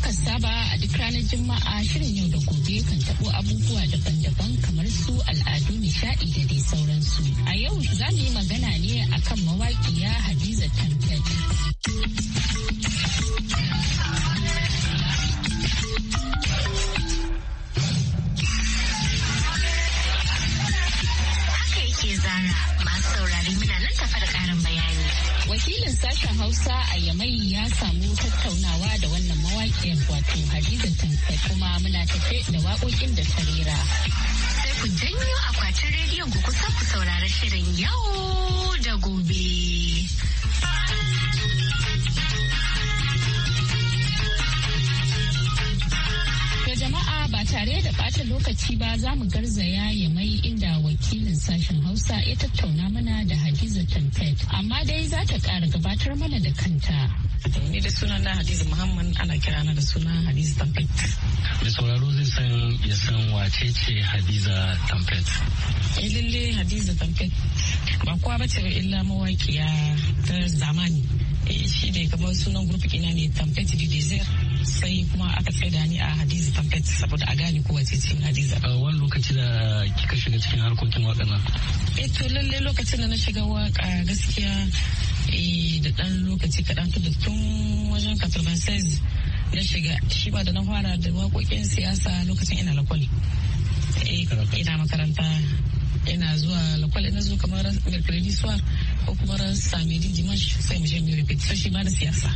aka saba a duk ranar Juma'a shirin yau da gobe kan tabo abubuwa daban-daban kamar su al'adu nishaɗi da dai sauransu. A yau za mu yi magana ne akan mawaƙiya Hadiza Tantan. Haka yake zara masu saurari muna nan tafa wakilin sashen hausa a yamai ya samu tattaunawa da wannan mawakin wato hadiza tamfe kuma muna tafe da waƙoƙin da ta sai ku janyo akwatin rediyon ku kusa ku saurari shirin yau da gobe. tare da ɓata lokaci ba za mu garzaya ya mai inda wakilin sashen Hausa ya tattauna mana da Hadiza Tamfet. Amma dai za ta ƙara gabatar mana da kanta. Ni da sunan na Hadiza Muhammad ana kira na da sunan Hadiza Tamfet. Da sauraro zai san ya san wace ce Hadiza Tamfet. Eh lalle Hadiza Tamfet ba kowa bace ba illa mawaƙiya ta zamani. E, shi ne kamar sunan gurfi ina ne Tamfet Didizer. sai kuma aka tsaida ni a hadiza tabbat saboda a gane ko ce cikin hadiza a wani lokaci da kika shiga cikin harkokin waka na eh to lalle lokacin da na shiga waka gaskiya eh, da dan lokaci kaɗan da tun wajen 96 na shiga shi ba da na fara da waƙoƙin siyasa lokacin ina lakwal eh, ina makaranta ina zuwa lakwal ina zuwa kamar mercredi soir ko kuma ran samedi dimanche sai mu shi mu repeat sai shi ba da siyasa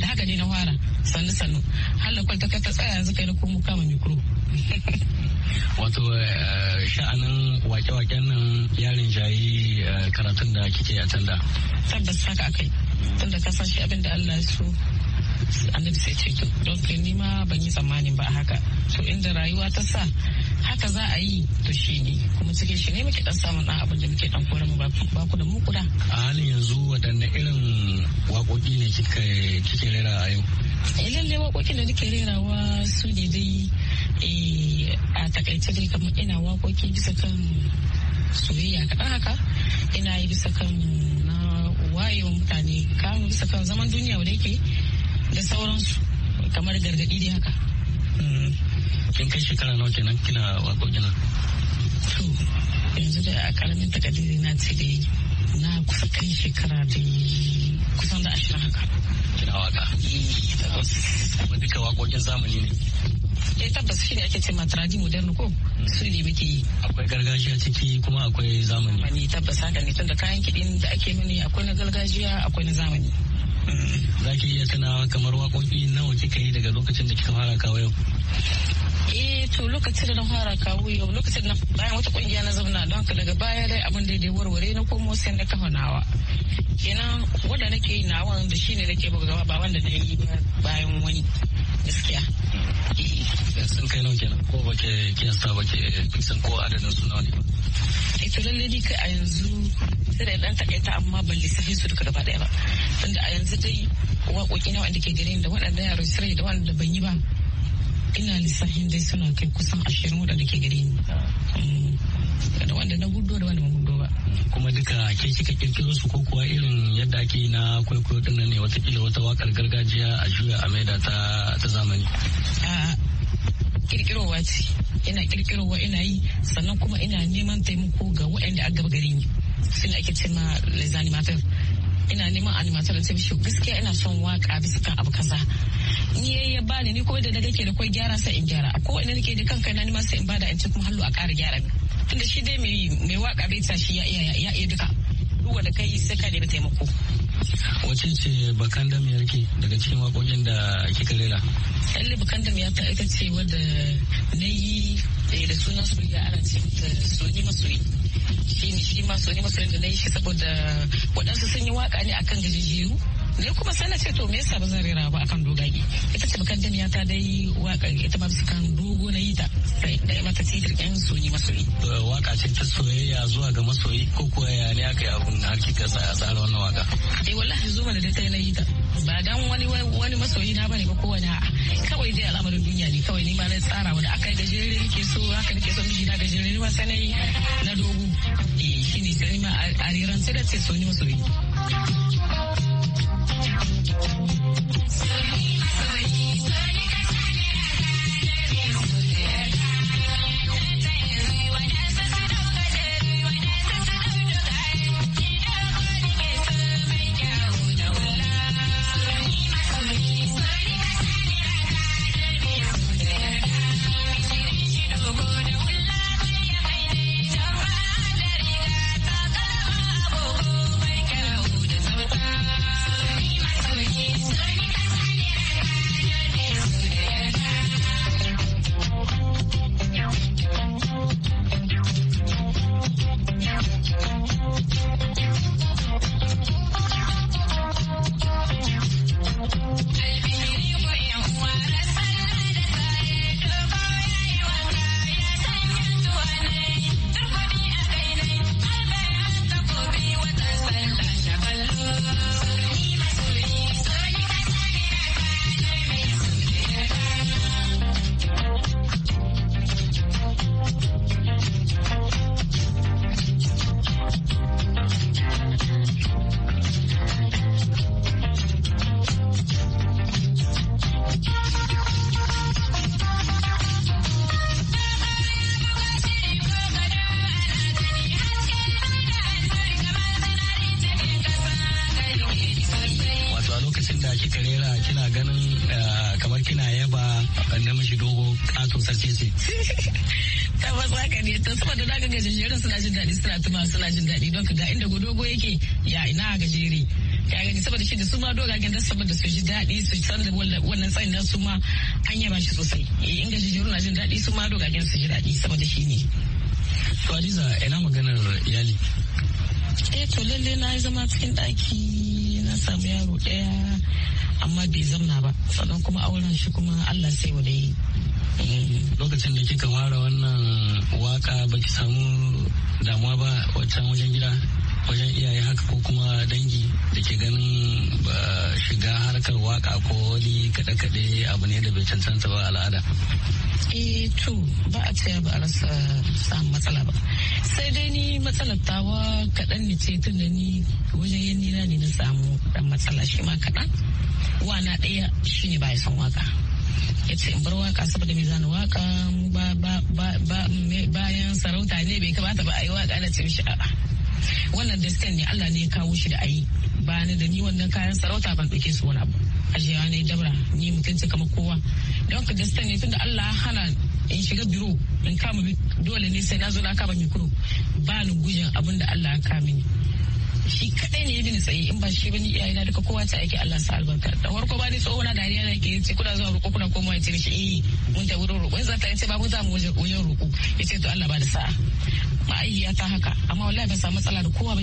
da haka ne na fara sannu sannu har da kwalta ta tsaya yanzu kai na kuma kama mikro wato eh, sha'anin wake-waken nan yarin jayi eh, karatun da kike a tanda tabbas haka akai tun da kasan shi abin da Allah su annabi sai ce don ni ma ban yi tsammanin ba haka to inda rayuwa ta sa haka za a yi to shi ne kuma suke shi ne muke dan samun dan abin da muke dan kore mu ba ku da mu kuda a halin yanzu wadanne irin wakoki ne kike kike rera a yau eh lalle waƙoƙin da nake rerawa su ne dai eh, a takaice dai kamar ina wakoki bisa kan soyayya kaɗan haka ina yi bisa kan na wayewa mutane kawo bisa kan zaman duniya wanda yake da sauransu kamar gargadi dai haka hmm. kin kai shekara nawa kenan kina waƙoƙi nan to yanzu da a karamin takardar na ce dai na kusa kai shekara da kusan da ashirin haka kina waka eh, kuma duka wakokin zamani ne eh tabbas shi ne ake ce matradi modern ko hmm. su ne muke yi akwai gargajiya ciki kuma akwai zamani zamani tabbas haka ne tunda kayan kiɗin da ake mini akwai na gargajiya akwai na zamani hmm. za ki iya tunawa kamar waƙoƙi nawa kika yi daga lokacin da kika fara kawo yau to lokacin da na fara kawo yau lokacin na bayan wata kungiya na zauna don ka daga baya dai abin da ya warware na komo sai na kafa nawa kenan wanda nake yi nawa da ne nake buga gaba ba wanda na yi bayan wani gaskiya eh. sun kai nawa kenan ko ba ke sa ba ke san ko adadin su nawa ne ba ita eh, lalle ni kai a yanzu sai da ɗan takaita amma ban lissafi su duka gaba ɗaya ba tunda a yanzu dai waƙoƙi nawa da ke gare da waɗanda yaro sai da wanda ban yi ba ina lissafin dai suna kai kusan ashirin wadanda ke gare ni mm. da wanda na gudu da wanda na gudu ba kuma duka ke kika kirkiro su ko kuwa irin yadda ake na kwaikwayo din nan ne watakila wata wakar gargajiya a juya a maida ta ta zamani a kirkirowa ce ina kirkirowa ina yi sannan kuma ina neman taimako ga waɗanda a gaba gari ni ake ce ma les animateurs ina neman animateurs da ta gaskiya ina son waka bisa kan abu kaza ni ya bani ni ko da na ke da kwai gyara sai in gyara a kowanne nake da kanka na ma sai in bada in ci kuma hallo a ƙara gyara tunda shi dai mai mai waka bai ta shi ya iya ya iya duka duk wanda kai sai ka nemi taimako wace ce bakan mai ki daga cikin wakokin da kika rera lalle bakan ya ta ita ce wanda na yi eh, da sunan soyayya ana ce mata soni masoyi shi ne shi ma soni masoyi da na yi shi saboda waɗansu sun yi waka ne akan gajijiyu ne kuma sai na ce to me yasa ba zan rera ba akan dogage ita ce bakan jami'a ta dai waka ita ma su kan dogo na yi ta sai dai mata titir yan soyi masoyi waka ce ta soyayya zuwa ga masoyi ko kuwa ya ne aka yi abun hakika kika sa a tsara wannan waka eh wallahi zuwa da ta na yi ta ba dan wani wani masoyi na bane ba ko wani a'a kawai dai al'amarin duniya ne kawai ni ma na tsara wanda da jere nake so haka nake so miji na jere ni ma sai na yi na dogo eh shine sai ma a rirance da ce so ni masoyi Sound. tsaka ne ta saboda za ka gajejeren suna jin daɗi suna tuma suna jin daɗi don ka ga inda godogo yake ya ina gajere ya gani saboda shi da su ma dogagen da saboda su ji daɗi su san da wannan tsayin da su ma an yaba shi sosai eh, in gajejeru na jin daɗi su ma dogagen su ji daɗi saboda shi ne. To Adiza ina maganar iyali. Eh to lalle na yi zama cikin ɗaki na samu yaro ɗaya amma bai zamna ba sannan kuma auren shi kuma Allah sai wa da yi lokacin da kika fara wannan waka ba ki samu damuwa ba wancan wajen gida wajen iyaye haka ko kuma dangi da ke ganin shiga harkar waka ko wani kaɗe-kaɗe abu ne da bai cancanta ba al'ada. eh to ba a tsaya ba a rasa samun matsala ba sai dai ni matsalar tawa kaɗan ne ce tun da ni wajen yan nina ne na samu matsala shi ma kaɗan wana ɗaya shi ne ba ya san waka ya ce in bar waka saboda me zana waka bayan sarauta ne bai kamata ba a yi waka na ce a'a wannan destin ne Allah ne ya kawo shi da ayi ba ni da ni wannan kayan sarauta ban ɗauke su wani abu ajiya ne dabra ni mutunci kamar kowa don ka destin ne tunda Allah hana in shiga biro in kama dole ne sai na zo na kama mikro ba ni gujin abin da Allah ya kama ni shi kadai ne ya bi tsaye in ba shi bane iyayena duka kowa ta aiki Allah sa albarka da farko ba ni tsohona da yana ke ce kuna zuwa roƙo kuna komawa ya shi eh mun ta wurin roƙo in za ta ce ba mun za mu wajen roƙo ya ce to Allah ba da sa'a ma'aiya ta haka amma wallahi ban samu matsala da kowa ba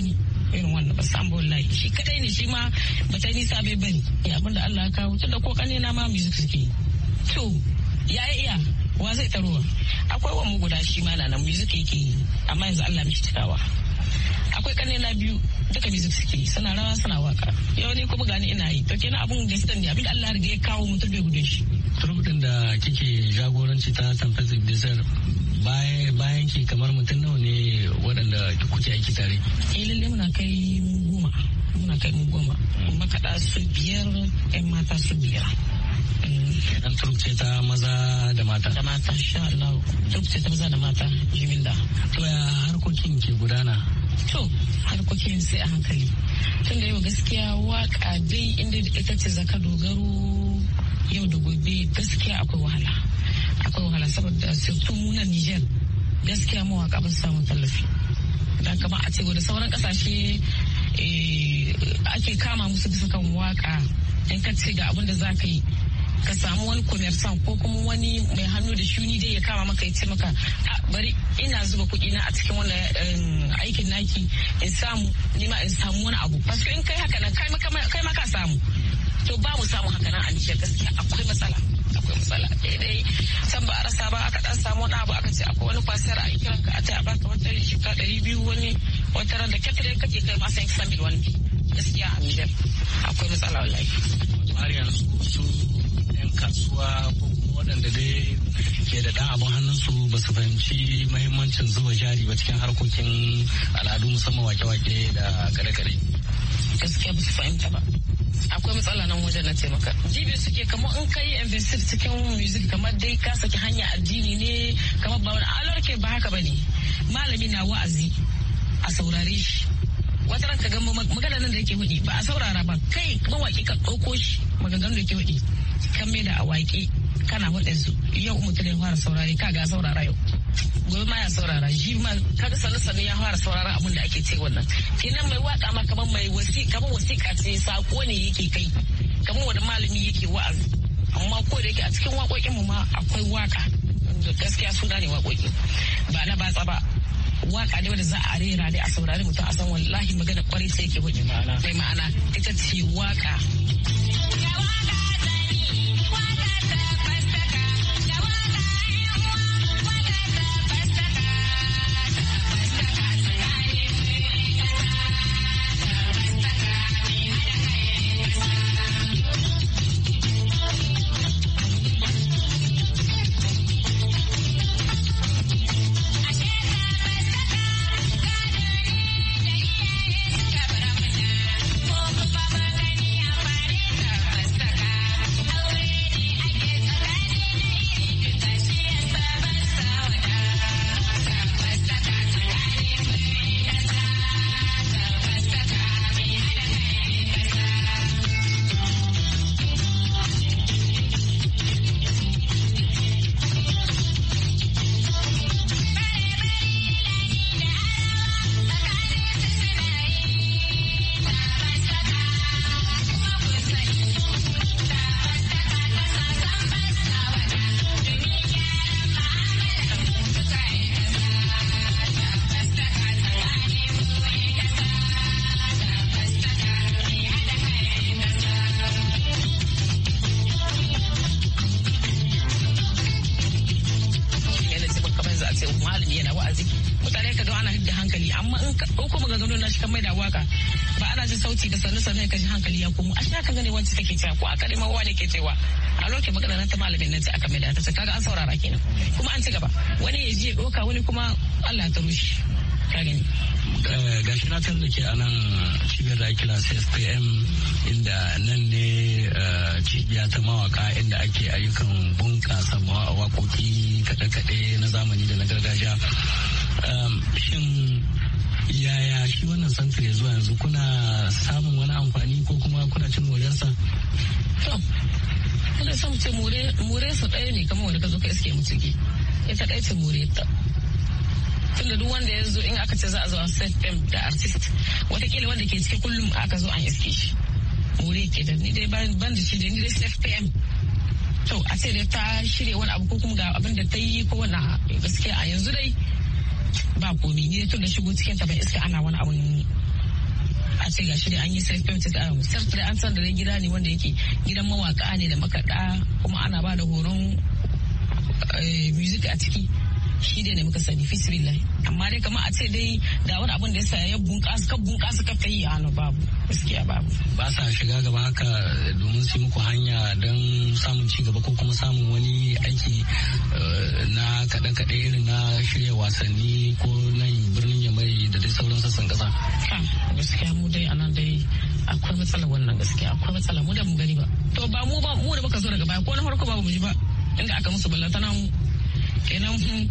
irin wannan ba san wallahi shi kadai ne shi ma ba ta nisa bai bari abin da Allah ya kawo tun da ko kane na ma mu suke to ya iya wa zai taruwa akwai wa mu guda shi ma na music yake yi amma yanzu Allah mishi tarawa akwai kane na biyu duka music suke suna rawa suna waka yau ne kuma gani ina yi to na abun gaskiya ne abin Allah ya kawo mutum bai gude shi turub da kike jagoranci ta San Pacific Desert bayan ki kamar mutum nawa ne waɗanda kuke aiki tare eh lalle muna kai goma muna kai goma makaɗa su biyar 'yan mata su biyar kenan ce ta maza da mata da mata sha Allah ce ta maza da mata da to ya harkokin ke gudana to harkokin sai a hankali tun da yau gaskiya waka dai inda ita ce zaka dogaro yau da gobe gaskiya akwai wahala akwai wahala saboda tun na niger gaskiya mawaka ba samun tallafi da kama a ce da sauran kasashe eh, ake kama musu bisa kan waka in ka ce ga abin da za ka yi ka samu wani commerçant ko kuma wani mai hannu da shuni dai ya kama maka ya ce maka bari ina zuba kuɗi na a cikin wannan aikin naki in samu nima in samu wani abu paske in kai haka nan kai ma ka samu to ba mu samu haka nan a Nijar gaskiya akwai matsala akwai matsala daidai can ba a rasa ba aka dan samu wani abu aka ce akwai wani kwasiyar a kiran ka a ta baka wata shuka ɗari biyu wani wata ran da ketare kake kai ma san san bil wani gaskiya a Nijar akwai matsala wallahi har yanzu su kasuwa ko kuma waɗanda dai ke da ɗan abin hannunsu ba su fahimci mahimmancin zuba jari ba cikin harkokin al'adu musamman wake-wake da kare-kare. Gaskiya ba su fahimta ba. akwai matsala nan wajen na taimaka jibi suke kamar in kai investir cikin music kamar dai ka saki hanya addini ne kamar ba wani alor ke ba haka bane malami na wa'azi a saurare shi wata ranka ga magana nan da yake hudi ba a saurara ba kai mawaki ka ɗauko shi nan da yake hudi kan mai da awaki kana hudin yau mutum ya fara saurare ka ga saurara yau gobe ma ya saurara shi ma kaga sannu sannu ya fara saurara abin da ake ce wannan kenan mai waka ma kamar mai wasi kamar wasiƙa ce sako ne yake kai kamar wani malami yake wa'azi amma ko da yake a cikin waƙoƙin mu ma akwai waka gaskiya suna ne waƙoƙi ba na batsa ba waka ne wanda za a rera ne a saurari mutum a san wallahi magana kwarai sai ke hudu mai ma'ana ita ce waka waka ba ana jin sauti da sannu sannu ka ji hankali ya komo ashe haka gane wacce take cewa ko a kare ma wani ke cewa a lokacin magana na ta malamin nan ta aka mai da ta kaga an saurara kenan kuma an ci gaba wani ya je doka wani kuma Allah ta rushe ka gani eh, ga na tarda ke a cibiyar da kira cspm inda nan ne eh, cibiya ta mawaka inda ake ayyukan bunƙasa mawaƙoƙi kaɗe-kaɗe na zamani da na gargajiya ehm, shin yaya shi wannan santo ya zuwa yanzu kuna samun wani amfani ko kuma kuna cin moriyarsa kuna son ce more su ɗaya ne kamar wanda ka zo ka iske mu ciki ita ɗaya ce more ta tunda duk wanda ya zo in aka ce za a zo an set fem da artist watakila wanda ke ciki kullum aka zo an iske shi more ke da ni dai ban da shi da ni dai set fm to a ce da ta shirya wani abu ko kuma ga abin da ta yi ko wani gaskiya a yanzu dai ba komi ni tun da shigo cikin ta iska ana wani abu a ce gashi da an yi self da um, an san da gida ne wanda yake gidan mawaka ne da makaɗa kuma ana ba da horon eh, music a ciki shi ne muka sani fisibillahi amma dai kamar a ce dai da wani abin da ya sa ya bunƙasa ka bunƙasa ka kai yi a hannu babu gaskiya babu ba sa shiga gaba haka domin su muku hanya don samun ci gaba ko kuma samun wani aiki eh, na kaɗan kaɗan irin na shirya wasanni ko nan birnin yamai da dai sauran sassan ƙasa gaskiya mu dai anan dai akwai matsala wannan gaskiya akwai matsala mu da mu gani ba to ba mu ba mu da muka zo daga baya ko na farko ba mu ji ba inda aka musu ballantana mu kenan hm,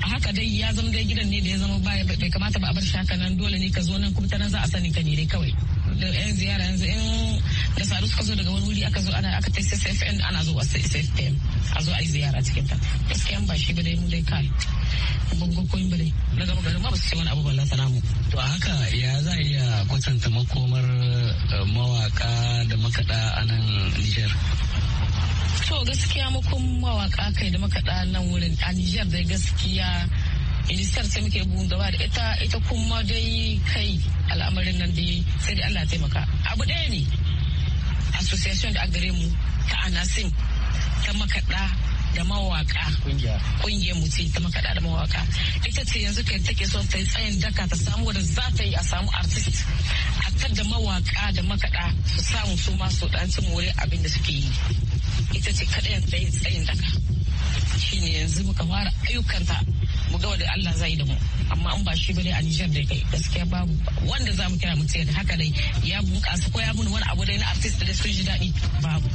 haka dai ya zama dai gidan ne da ya zama baya bai kamata ba a bar shaka nan dole ne ka zo nan kuma tana nan za a sani ka ne dai kawai da yan ziyara yanzu yan da saru suka zo daga wani wuri aka zo ana aka tafi SFN ana zo a sfn a zo a yi ziyara cikin ta gaskiya ba shi ba dai mu dai kai bangon koyin ba dai na gaba garin ma ba su ce wani abu ba sana mu to a haka ya za a iya kwatanta makomar eh, mawaka da makada a nan Nijar to gaskiya makon mawaka kai da makaɗa nan wurin a Nijar dai gaskiya inisar sai muke bugun gaba da ita ita kuma dai kai al'amarin nan dai sai dai Allah taimaka abu ɗaya ne association da agare mu ta Anasin ta makaɗa da mawaka kungiyar mutum ta makaɗa da mawaka ita ce yanzu kai take son ta yi tsayin daka ta samu wadda za ta yi a samu artist a da mawaka da makaɗa su samu su ma su wuri abin da suke yi ita ce kaɗayan tsayin tsayin daka shine yanzu muka fara ayyukanta mu ga wanda Allah zai da mu amma in ba shi bane a Niger da kai gaskiya babu wanda zamu kira mu ce haka dai ya bunƙasa ko ya mun wani abu dai na artist da sun ji daɗi babu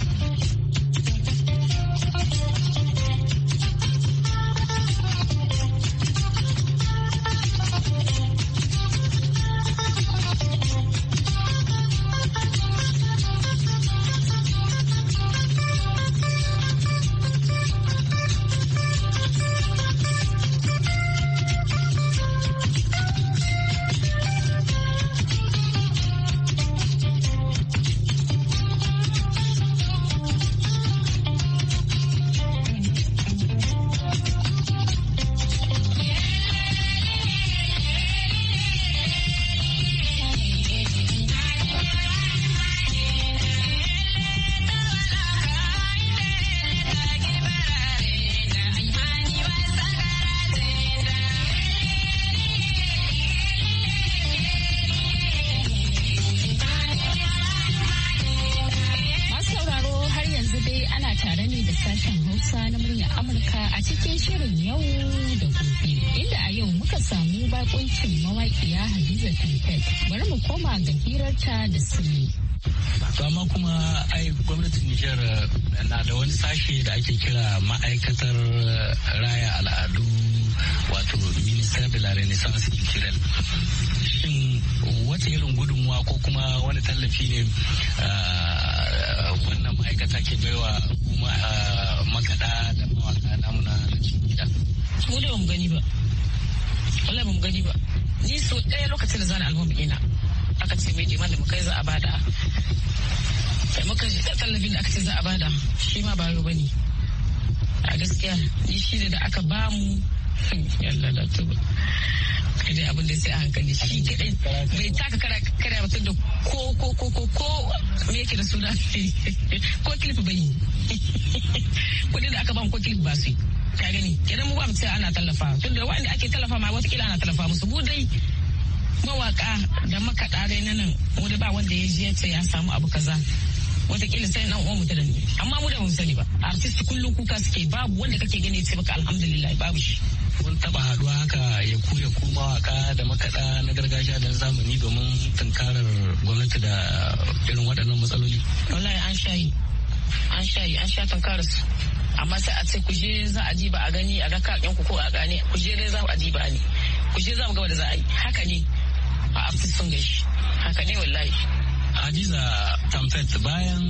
mawaƙiya Hadiza Tuntun. Bari mu koma ga hirarta da su. amma kuma ai gwamnatin Nijar eh, na da wani sashe da ake kira ma'aikatar eh, raya al'adu wato minister de la renaissance culturelle shin wata irin gudunmuwa ko kuma wani tallafi ne eh, wannan ma'aikata ke baiwa kuma makada da mawaka namu na cikin gani ba. wallahi mu gani ba ni so ɗaya lokacin da zana album ina aka ce mai liman da mu kai za a bada da muka shi tallafin da aka ce za a bada shi ma ba yau bane a gaskiya ni shi da aka bamu yalla da tuba kaje abin da sai a hankali shi kadai bai taka kara kara mutum da ko ko ko ko ko me yake da suna ko clip bai yi kudin da aka ba ko clip ba su yi ka gani kenan mu ba mu ana tallafa tun da wanda ake tallafa ma wata kila ana tallafa musu mu dai mawaka da makaɗa dai na nan wani ba wanda ya je ya samu abu kaza wata kila sai nan uwan mutane amma mu da mu sani ba artist kullum kuka suke babu wanda kake gani sai baka alhamdulillah babu shi kun taba haduwa haka ya ku ya ku da makaɗa na gargajiya da zamani domin tunkarar gwamnati da irin waɗannan matsaloli wallahi an sha yi an sha yi an sha tunkarar su amma sai a ce ku je za a ji ba a gani a ga kakin ku ko a gane ku je dai za a ji ba ne ku je za mu gaba da za a yi haka ne a afisun sun gaishe haka ne wallahi Ajiza Tamfet bayan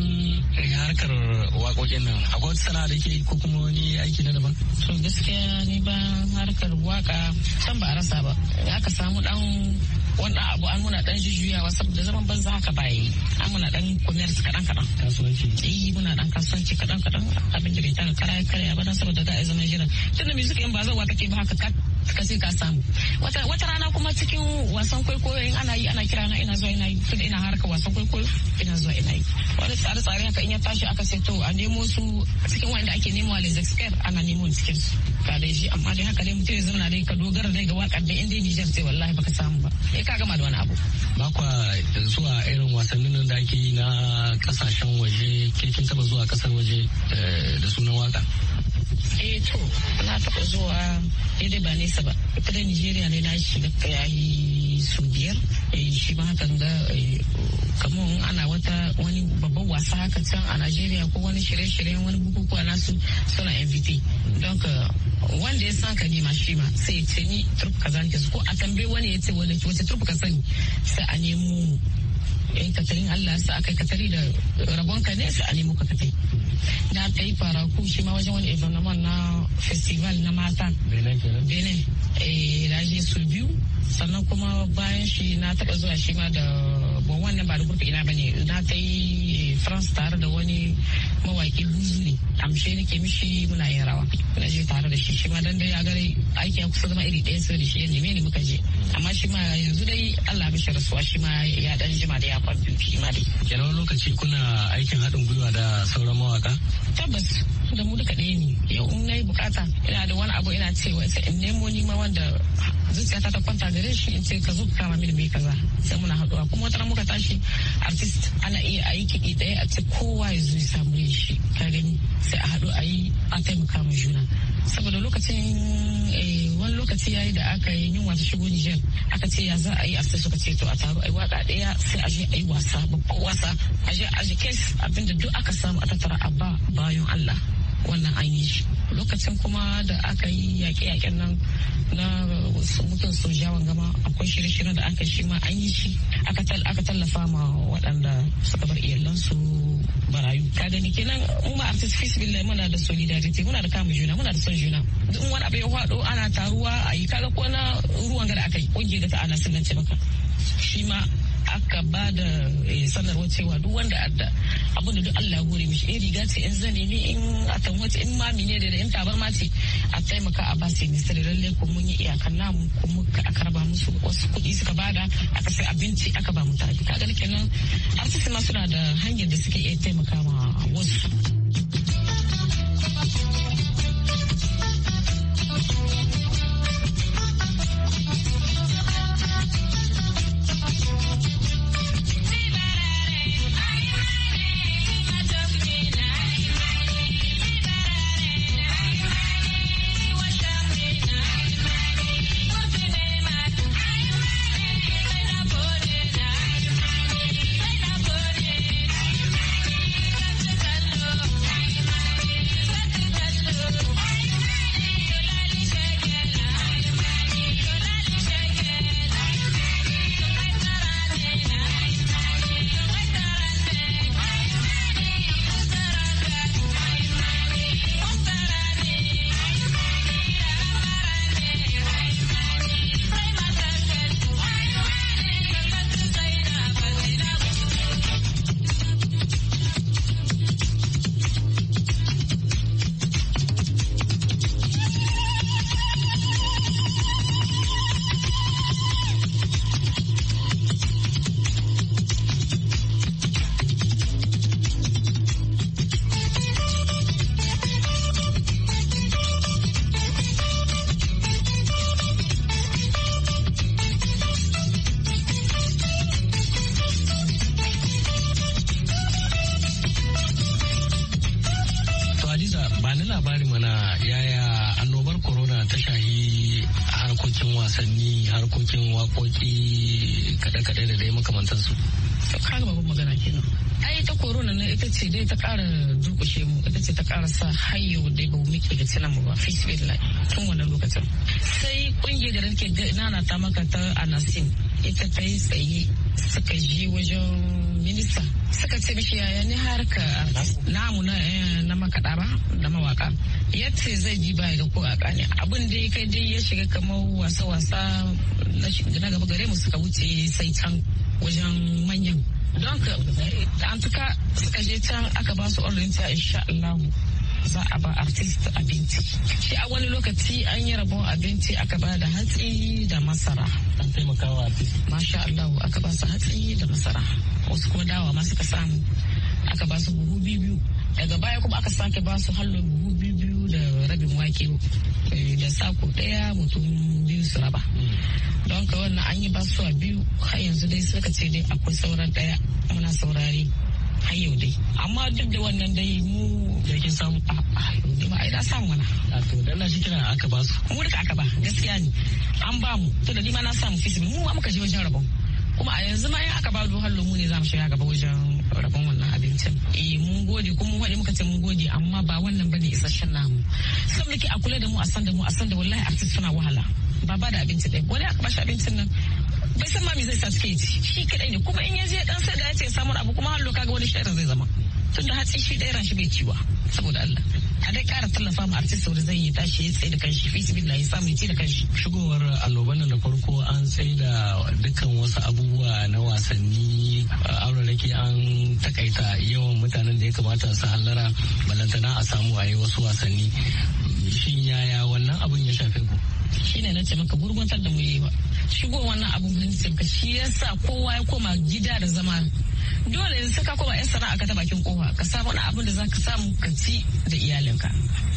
harkar waƙoƙin nan akwai wata sana'a da ke ko kuma wani aiki na daban? To gaskiya ni ba harkar waƙa can ba a rasa ba. Aka samu ɗan wani abu an muna dan jujjuyawa saboda zaman banza haka bai an muna dan commerce kadan kadan kasuwanci eh muna dan kasuwanci kaɗan kaɗan abin da bai taka karaya karaya ba dan saboda da ai zaman jira tunda suke in ba zawa take ba haka ka sai ka samu wata rana kuma cikin wasan kwaikwayo in ana yi ana kira na ina zuwa ina yi tunda ina harka wasan kwaikwayo ina zuwa ina yi wani tsare tsare haka in ya tashi aka sai to a nemo su cikin wanda ake nemo a lezex ana nemo cikin su ka dai shi amma dai haka dai mutum ya na dai ka dogara dai ga wakar da in dai Nijar sai wallahi baka samu ba eh, ka gama da wani abu ba kwa zuwa irin wasannin da ake yi na kasashen waje ke kin taba zuwa kasar waje eh, da sunan waka eh to na taba zuwa eh, ba nesa ba ita da Nigeria ne na shiga yayi su biyar eh, shi ma hakan ga eh, kamar ana wata wani babban wasa haka can a Najeriya ko wani shirye-shiryen wani bukukuwa nasu suna MVP don wanda ya san ka nema shi ma sai ce ni turku su ko a tambaye wani ya ce wani wace turku ka sani sai a nemo kai ka tayin Allah sa aka katari da rabon ka ne sai a nemo ka katai na kai fara ku shi ma wajen wani evenement na festival na mata Benin eh na su biyu sannan kuma bayan shi na taba zuwa shi ma da bon wannan ba da gurbi ina bane na kai france tare da wani mawaƙi buzu ne amshe nake mishi muna yin rawa na je tare da shi shi ma dan dai ya gare aiki ya kusa zama iri ɗaya so da shi ya neme muka je amma shi ma yanzu dai Allah mishi rasuwa shi ma ya dan jima da ya kwantu shi ma dai wani lokaci kuna aikin haɗin gwiwa da sauran mawaka tabbas da mu duka ɗaya ne yau in nayi bukata ina da wani abu ina cewa sai in nemo ni ma wanda zuciyata ta kwanta gare shi in ce ka zo ka kama mini mai kaza sai muna haɗuwa kuma wata muka tashi artist ana iya yi kiɗi ɗaya a ce kowa ya zo ya samu shi ka gani sai a haɗu a yi a taimaka ma juna saboda lokacin eh, wani lokaci yayi da aka yi yunwa wasu shigo Nijar aka ce ya za a yi artist suka ce to a taru a yi waka ɗaya sai a je a yi wasa babban wasa a je a je kes abinda duk aka samu a tattara a ba bayan Allah wannan an yi shi lokacin kuma da aka yi yaƙe-yaƙen nan na mutum sojawan gama akwai shirye-shiryen da aka shi ma an yi shi aka tallafa ma waɗanda suka bar iyalansu barayu ka gani kenan mu ma artist fisbil muna da solidarity muna da kama juna muna da son juna duk wani abu ya faɗo ana taruwa a yi kaga ko na ruwan gada aka yi ƙungiyar da ta ana sunance maka shi ma aka ba da eh, sanarwa cewa duk wanda adda abinda duk Allah gore mishi in riga ce in zane ne in atan in mami ne da in ma ce a taimaka a ba nisa da lalle ko mun yi iyakan namu ko muka aka raba musu wasu kuɗi suka bada aka sai abinci aka ba mu mutane kaga kenan artist ma suna da hanyar da suke iya taimaka ma wasu labari mana yaya annobar corona ta shahi harkokin wasanni harkokin wakoki kada-kada da dai Ta kara babban magana kenan ai ta corona ne ita ce dai ta ƙara durƙushe mu ita ce ta ƙara sa hayo dai ba muke da cinan mu ba fisbillah tun wannan lokacin sai kungiyar da nake nana ta maka ta anasin ita ta yi tsaye suka je wajen minista suka ce mishi yaya ni harka namu na eh, makaɗa ba da mawaka yace zai ji ba ga ko a kane abin da ya kai dai ya shiga kamar wasa-wasa na gaba gare mu suka wuce sai can wajen manyan don ka eh, an tuka suka je can aka ba su ordinta insha Allah za a ba artist abinci shi a wani lokaci an yi rabon abinci aka ba da hatsi da masara an wa artist masha Allah aka ba su hatsi da masara wasu kuma dawa ma suka samu aka ba su buhu biyu daga baya kuma aka sake ba su hallo buhu biyu da rabin wake eh, da sako daya mutum biyu su raba mm. don ka wannan an yi a biyu har yanzu dai suka ce dai akwai sauran daya muna saurari har yau dai amma duk da wannan dai mu da kin samu a ba ai na samu mana a to dan na shi kira aka ba su mu duka aka ba gaskiya ne an ba mu to da ni ma na samu fisi mu ma muka shi wajen rabon kuma a yanzu ma in aka ba du hallo mu ne za mu shiga gaba wajen rabon wannan abincin eh mun gode kuma wani muka ce mun gode amma ba wannan bane isasshen namu sun muke a kula da mu a san da mu a san da wallahi artist suna wahala ba ba da abinci ɗaya wani aka shi abincin nan bai san ma me zai sa suke ji shi kadai ne kuma in ya je dan sai da ce samun abu kuma hallo kaga wani shaidar zai zama tunda hatsi shi ɗaya shi bai ciwa saboda Allah a dai kara tallafa ma artist da zai yi tashi ya tsaye da kanshi fi sibillah ya samu ya ci da kanshi shigowar alloban da farko an tsaye da dukkan wasu abubuwa na wasanni aurarake an takaita yawan mutanen da ya kamata su hallara balantana a samu a yi wasu wasanni shin yaya wannan abun ya shafe ku shine na ce maka gurguntar da mu yi ba shigo wannan abu bincika shi yasa kowa ya koma gida da zama dole yanzu ka koma yan sana'a ka ta bakin kofa ka samu wani abin da za ka samu ka ci da iyalinka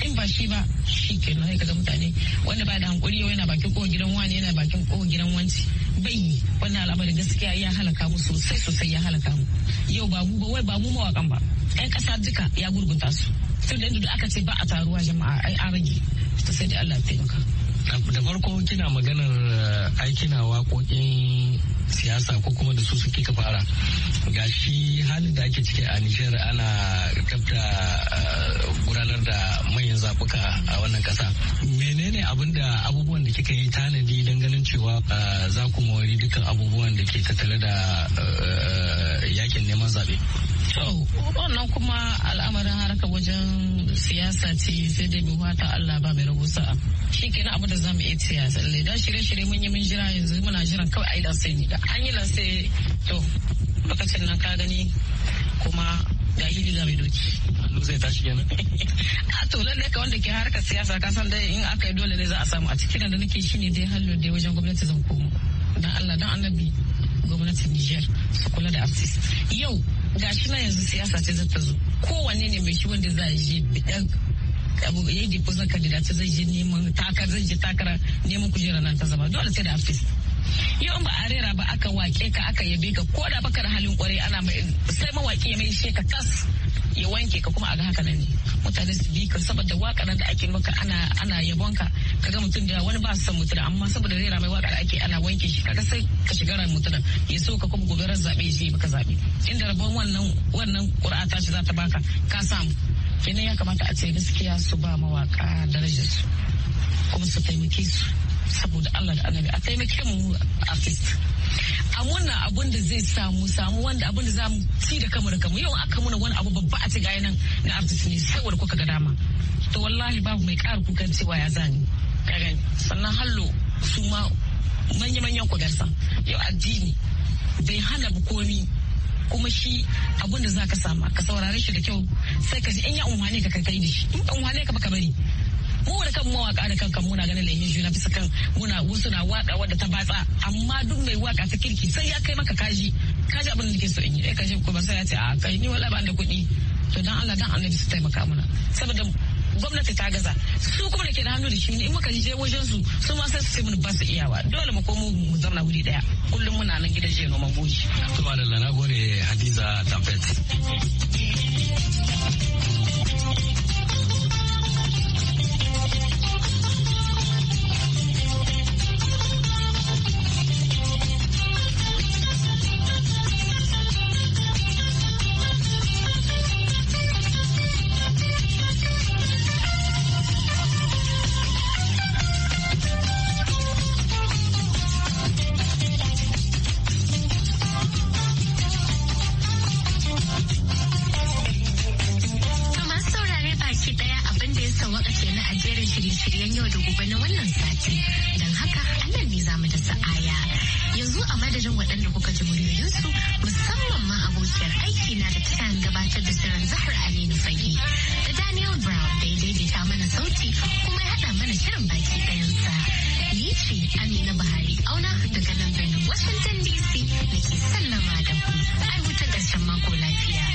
in ba shi ba shi ke nan ka ga mutane wanda ba da hankuri yana bakin kowa gidan wani yana bakin kowa gidan wanci bai yi wannan al'amarin gaskiya ya halaka mu sosai sosai ya halaka mu yau ba mu ba wai ba mu mawakan ba yan kasa duka ya gurgunta su tun da aka ce ba a taruwa jama'a ai an rage ta sai da Allah ya taimaka da farko kina maganar eh, aikina waƙoƙin siyasa ko kuma da su suke ka fara ga shi halin da ake ciki a nijar ana tabta eh, gudanar da manyan zaɓuka a wannan ƙasa menene abin da abubuwan da kika yi tanadi don ganin cewa eh, za ku mawari dukkan abubuwan da ke tattale da yakin neman zaɓe To, wannan kuma al'amarin haraka wajen siyasa ce sai dai mu Allah ba mai rabusa. Shi kenan abin da za iya tiya Da shirye-shirye mun yi mun jira yanzu muna jiran kawai ayi lansa ne. An yi lansa to, lokacin nan ka gani kuma ga yi ga mai doki. Hannu zai tashi kenan. A ah, to lallai ka wanda ke harkar siyasa ka san dai in aka yi dole ne za a samu a cikin da nake shine dai hallo dai wajen gwamnati zan komo. Dan Allah dan annabi gwamnatin Niger su kula da artist. Yau gashi na yanzu siyasa ce zata zo kowanne ne mai shi wanda za a je abu ya yi ta zai je neman takar zai je takara neman kujera nan ta zama dole sai da afis yau ba a rera ba aka wake ka aka yabe ka ko da baka da halin kwarai ana mai sai mawaki mai she ka tas ya wanke ka kuma a ga haka nan ne mutane su bi ka saboda waka nan da ake maka ana ana yabon ka kaga mutum da wani ba son mutum amma saboda rera mai waka da ake ana wanke shi kaga sai ka shiga ran mutum ya so ka kuma gobe ran zabe shi baka zabe inda rabon wannan wannan qur'a ta shi za ta baka ka samu kenan ya kamata a ce gaskiya su ba mawaka darajar su kuma su taimake su saboda Allah da annabi a taimake mu artist a wannan abun da zai samu samu wanda abun da zamu ci da kamar kamu yau aka muna wani abu babba a ci gayanan na artist ne saboda kuka ga dama to wallahi babu mai ƙara kukan cewa ya zani karen sannan hallo su ma manya-manyan kudarsa yau addini bai hana komi kuma shi abin da za ka sama ka saurare shi da kyau sai ka ji in ya umarni ka kai da shi in ka umarni ka baka bari mu da kan mawaka da kan muna ganin laifin juna bisa kan muna wasu na waka wadda ta batsa amma duk mai waka ta kirki sai ya kai maka kaji kaji abin da ke so in yi kai eh, kaji kuma sai ya ce a ah, kai ni wala ba da kuɗi to dan Allah dan Allah su taimaka mana saboda gwamnati ta gaza su kuma da ke da hannu da shuni in muka je wajen su su ma sai su ce mini ba su iyawa dole mu komo mu zauna wuri daya kullum muna nan gidan jiya noman goji. Tuma da lana gode Hadiza Tampet. a madadin waɗanda kuka ji muryoyinsu musamman ma abokiyar aiki na da ta gabatar da shirin zahar Aminu Fage da Daniel Brown da ya daidaita mana sauti kuma ya haɗa mana shirin baki ɗayansa. Ni ce Amina Buhari auna daga nan birnin Washington DC da ke sannan da ku. Ai huta ƙarshen mako lafiya.